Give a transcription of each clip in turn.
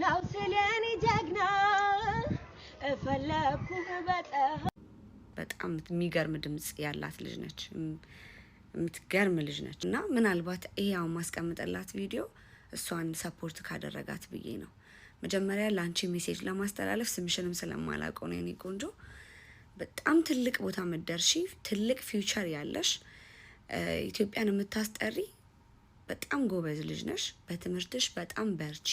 ነው ስለኔ ጀግና እፈለኩ በጣም የሚገርም ድምጽ ያላት ልጅ ነች። የምትገርም ልጅ ነች እና ምናልባት ይሄ ያው ማስቀምጠላት ቪዲዮ እሷን ሰፖርት ካደረጋት ብዬ ነው። መጀመሪያ ለአንቺ ሜሴጅ ለማስተላለፍ ስምሽንም ስለማላውቀው ነው የኔ ቆንጆ። በጣም ትልቅ ቦታ ምትደርሺ፣ ትልቅ ፊውቸር ያለሽ፣ ኢትዮጵያን የምታስጠሪ በጣም ጎበዝ ልጅ ነሽ። በትምህርትሽ በጣም በርቺ።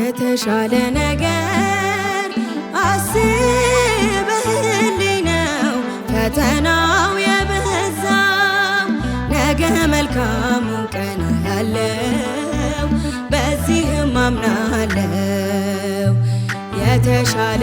የተሻለ ነገር አስበህልኝ ነው ፈተናው የበዛው ነገ መልካሙን አለው በዚህም አምናለው የተሻለ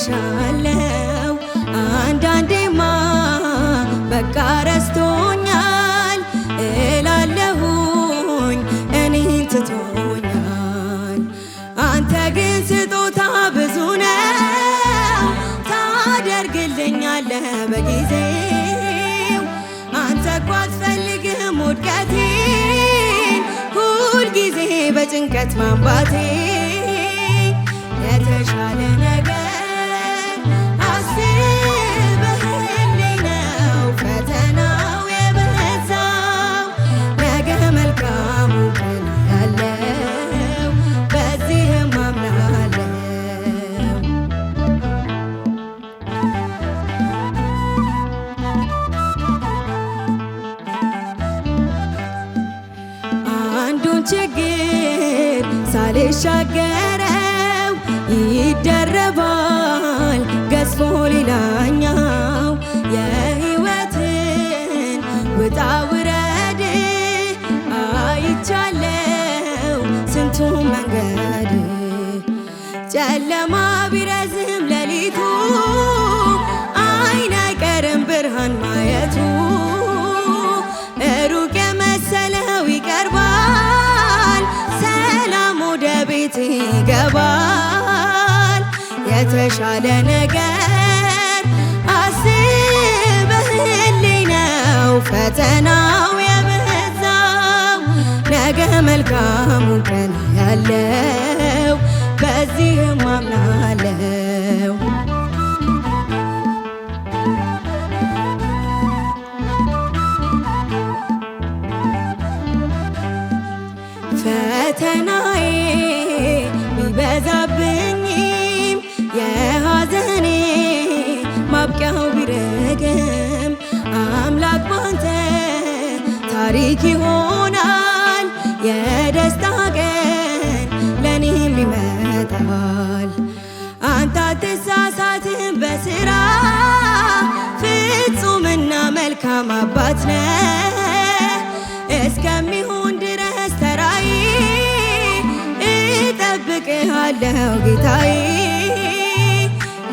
እልሻለው አንዳንዴማ በቃ ረስቶኛል እላለሁኝ እኔን ትቶኛል። አንተ ግን ስጦታ ብዙ ነው ታደርግልኛለህ በጊዜው። አንተ እኮ አትፈልግም ውድቀቴን ሁል ጊዜ በጭንቀት ማንባቴ የተሻለ ነገር የተሻገረው ይደረባል ገዝፎ ሌላኛው የህይወትን ውጣ ውረድ አይቻለው ስንቱ መንገድ ጨለማ የተሻለ ነገር አስበህልኝ ነው ፈተናው የበዛው ነገ መልካሙን ቀን ያለው በዚህም አምናለው ፈተናዬ ቢበዛብህ ሰው ቢረግም አምላክ ባንተ ታሪክ ይሆናል። የደስታ ቀን ለእኔም ይመጣል። አንተ አትሳሳትም በስራ ፍጹምና መልካም አባት ነ እስከሚሆን ድረስ ተራይ እጠብቅሃለሁ ጌታዬ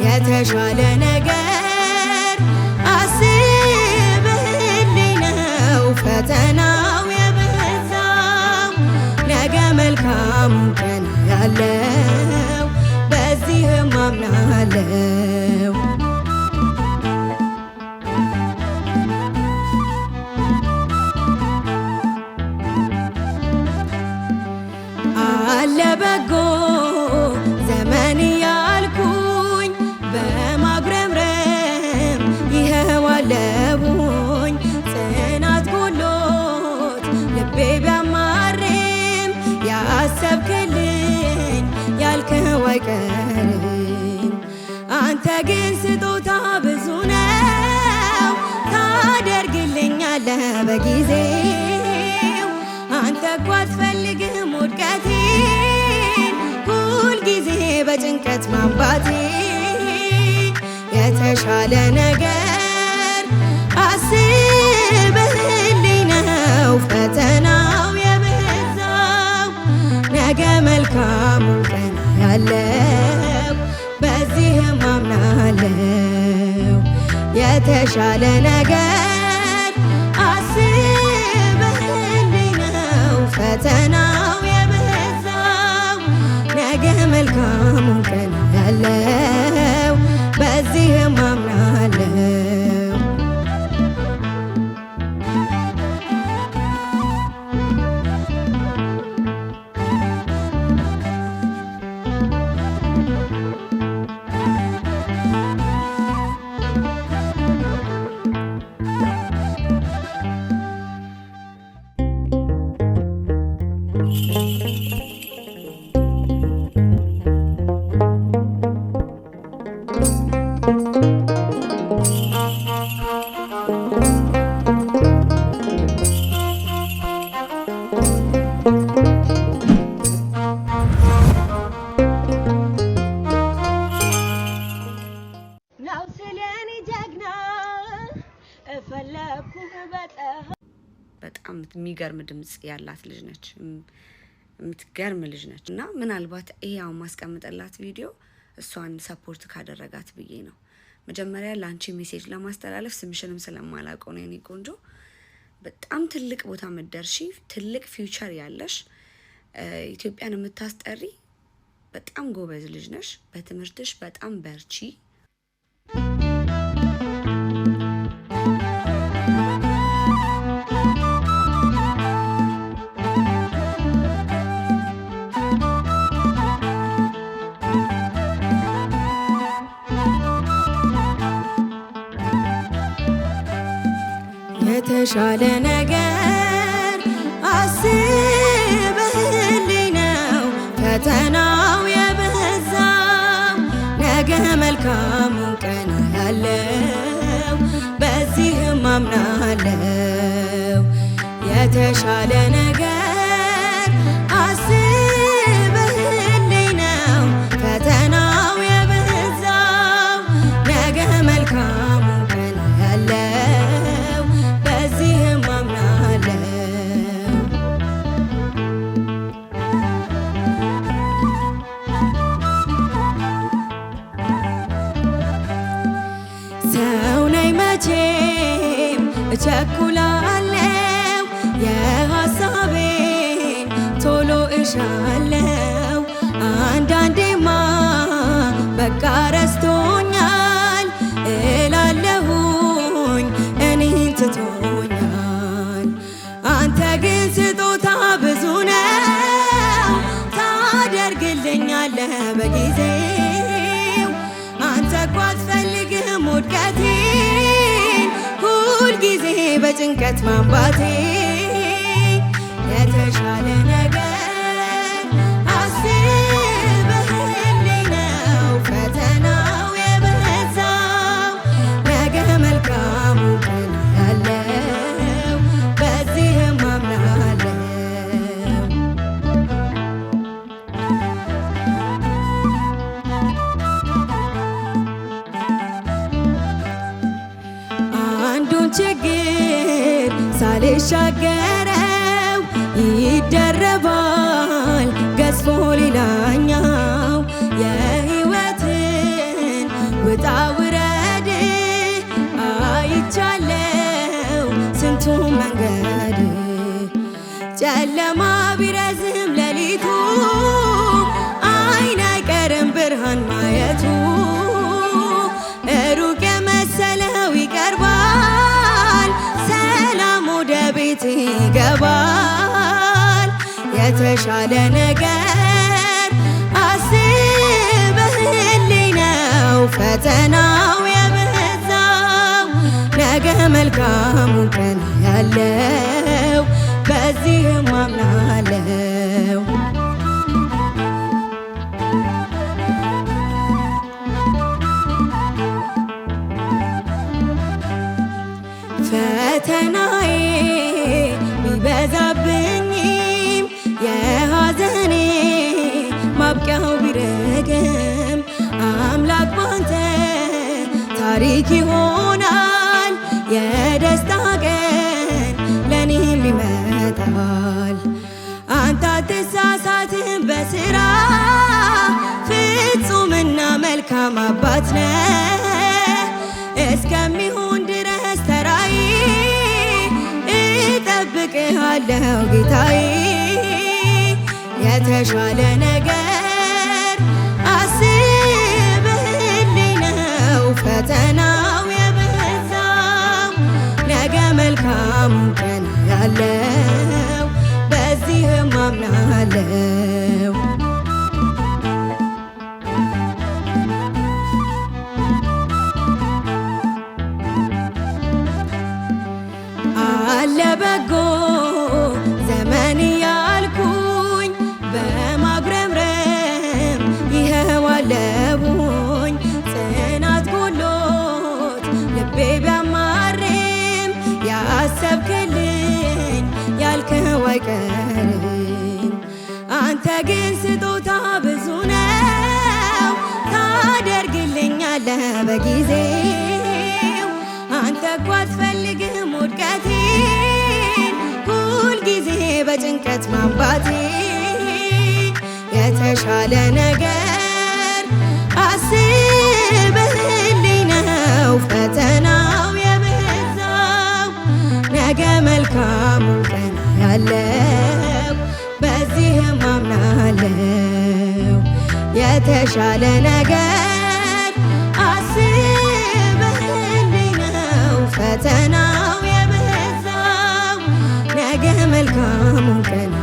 የተሻለ ነገር በሰላሙ ቀን ያለው በዚህም አምናለው ያሰብክልኝ ያልክህ አይቀርም። አንተ ግን ስጦታ ብዙ ነው ታደርግልኛለ በጊዜው አንተ እኮ አትፈልግም ውድቀቴን ሁልጊዜ በጭንቀት ማንባቴ የተሻለ ነገር የተሻለ ነገር ሰው ስለኔ ጀግና እፈለኩ በጣም የሚገርም ድምጽ ያላት ልጅ ነች። የምትገርም ልጅ ነች እና ምናልባት ይሄ ያው ማስቀምጠላት ቪዲዮ እሷን ሰፖርት ካደረጋት ብዬ ነው። መጀመሪያ ለአንቺ ሜሴጅ ለማስተላለፍ ስምሽንም ስለማላውቀው ነው የኔ ቆንጆ። በጣም ትልቅ ቦታ ምትደርሺ፣ ትልቅ ፊውቸር ያለሽ፣ ኢትዮጵያን የምታስጠሪ በጣም ጎበዝ ልጅ ነሽ። በትምህርትሽ በጣም በርቺ። የተሻለ ነገር አስበህልኝ ነው ፈተናው የበዛው ነገ መልካሙን ቀን ያለው በዚህም አምናለው የተሻለ ነገር እልሻለው አንዳንዴማ በቃ ረስቶኛል እላለሁኝ እኔን ትቶኛል። አንተ ግን ስጦታ ብዙ ነው ታደርግልኛለህ በጊዜው። አንተ እኮ አትፈልግም ውድቀቴን ሁል ጊዜ በጭንቀት ማንባቴ የተሻለ ነገር ሻገረው ይደረባል ገዝፎ ሌላኛው የህይወትን ውጣ ውረድ አይቻለው ስንቱ መንገድ ጨለማ ቢረዝም ሌሊቱ አይን ብርሃን ማየቱ የተሻለ ነገር አስበህልኝ ነው ፈተናው የበዛው ነገ መልካሙን ቀን ያለው በዚህም አምናለሁ ታሪክ ይሆናል የደስታ ቀን ለኔም ይመጣል። አንተ አትሳሳትም በስራ ፍጹምና መልካም አባት ነ እስከሚሆን ድረስ ተራዬ እጠብቅሃለሁ ጌታዬ የተሻለ አምናለው፣ በዚህም አምናለው። አለ ዘመን ያልኩኝ በማጉረምረም ይኸው ጽናት ጎሎት ልቤ ቢያማርም ያሰብክልኝ ከላከው አይቀርም። አንተ ግን ስጦታ ብዙ ነው ታደርግልኛለህ በጊዜው። አንተ እኮ አትፈልግም ውድቀቴን ሁልጊዜ በጭንቀት ማንባቴ የተሻለ ነገር አስ አለው በዚህም አምናለው የተሻለ ነገር አስበህልኝ ነው ፈተናው የበዛው ነገ መልካሙን ቀን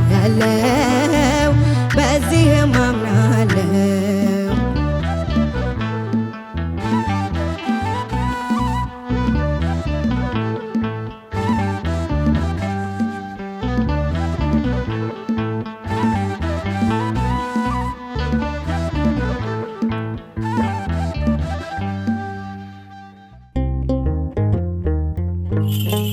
you.